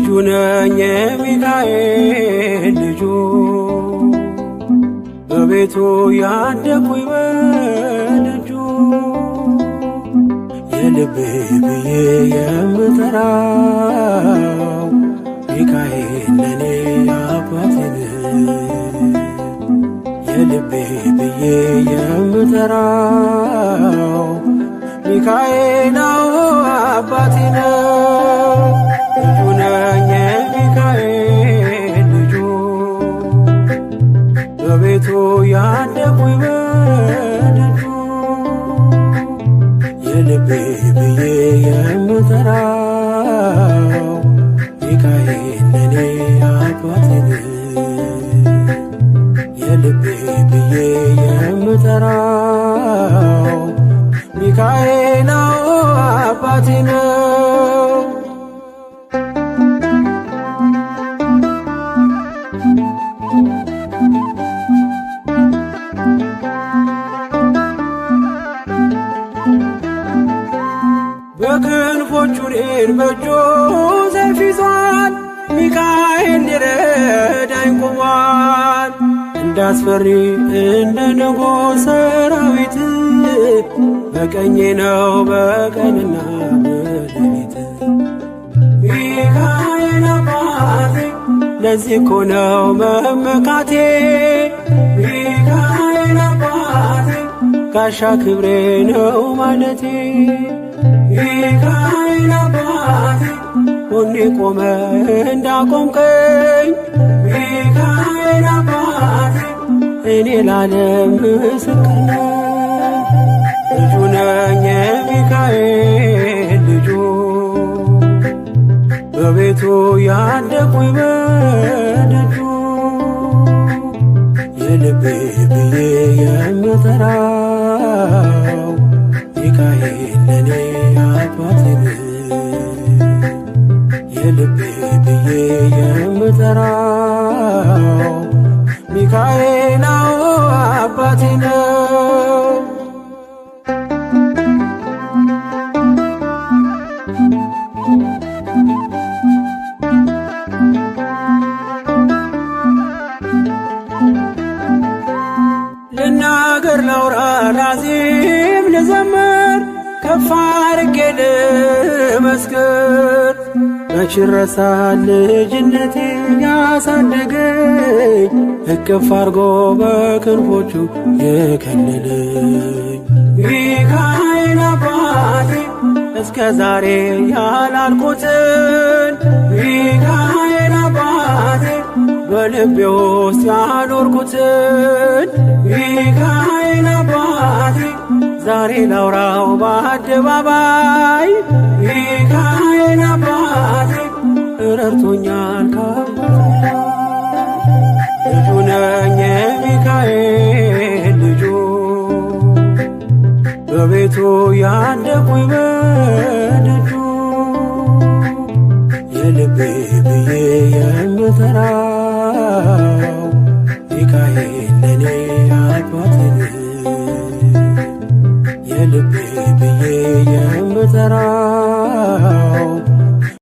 ልጁ ነኝ የሚካኤል ልጁ በቤቱ ያደኩኝ በደጁ የልቤ ብዬ የምጠራው ሚካኤል ለኔ አባቴን የልቤ ብዬ የምጠራው ሚካኤል ነው በቤቱ ያደጉ ይወደዱ የልቤ ብዬ የምጠራው ሚካኤል ለኔ የልቤ ብዬ የምጠራው ሚካኤል አባቴ ክንፎቹን በእጁ ሰይፍ ይዟል። ሚካኤል ሊረዳኝ ቆሟል። እንዳስፈሪ እንደ ንጉሥ ሰራዊት በቀኜ ነው በቀንና በሌሊት ሚካኤል አባቴ ለዚህ እኮ ነው መመካቴ ሚካኤል አባቴ ጋሻ ክብሬ ነው ማለቴ ሚካኤል አባት ጎኔ ቆመ እንዳቆምከኝ ሚካኤል አባት እኔ ላለም ምስክር ነው። ልጁ ነኝ የሚካኤል ልጁ በቤቱ ያደኩኝ በደጁ የልቤ ብዬ የምጠራው ሚካኤል ለኔ ሚካኤ ነው አባቴ ነው። ልናገር ላውራ ላዚም ልዘምር ከፍ አድርጌ ልመስክር መች ረሳል ልጅነቴ ያሳደገኝ እቅፍ አርጎ በክንፎቹ የከለለኝ ሚካኤል አባቴ እስከ ዛሬ ያላልኩትን ሚካኤል አባቴ በልቤ ውስጥ ያኖርኩትን ሚካኤል አባቴ ዛሬ ላውራው በአደባባይ ሚካኤል አባቴ ረድቶኛል ልጁ ነኝ የሚካኤል ልጁ በቤቱ ያደኩኝ በደጁ የልቤ ብዬ የምጠራው ሚካኤል ለኔ